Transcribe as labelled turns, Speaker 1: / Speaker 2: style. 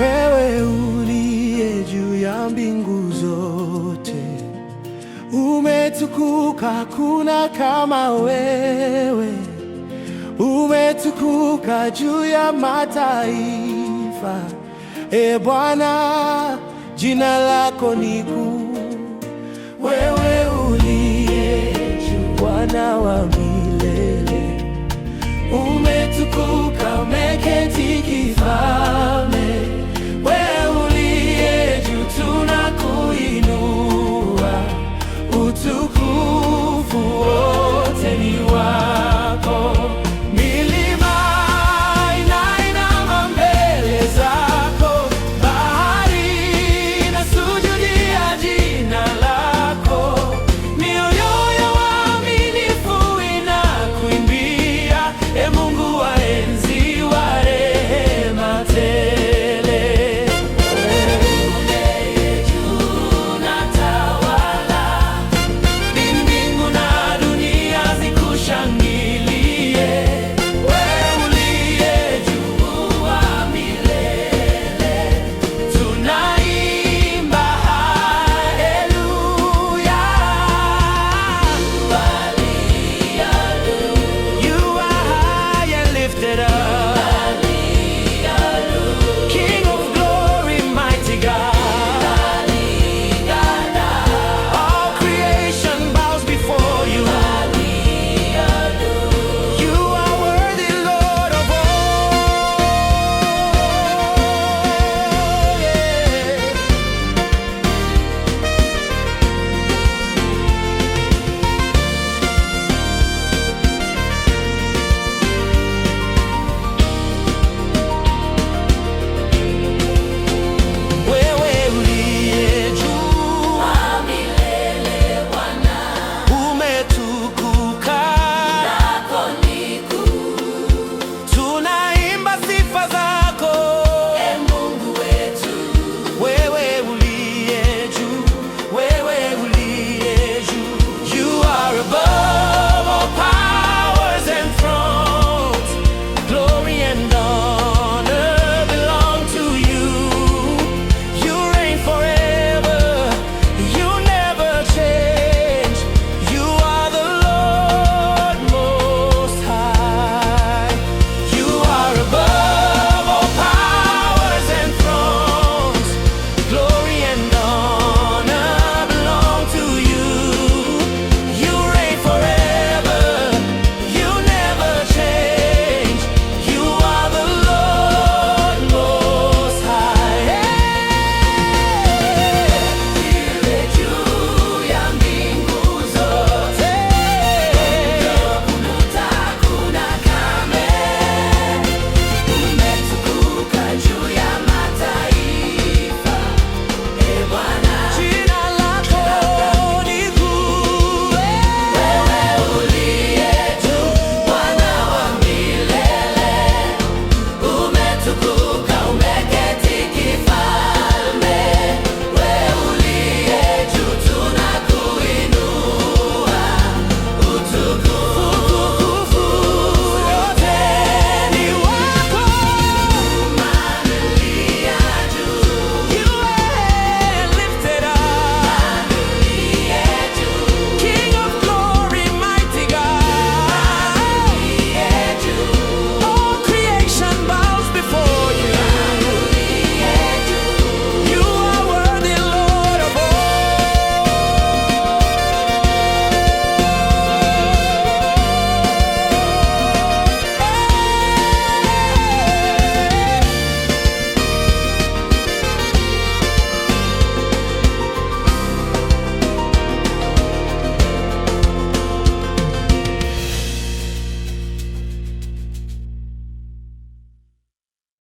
Speaker 1: Wewe uliye juu ya mbingu zote, umetukuka, kuna kama wewe. Umetukuka juu ya mataifa, e Bwana, jina lako ni kuu. Wewe uliye juu, Bwana wa milele, umetukuka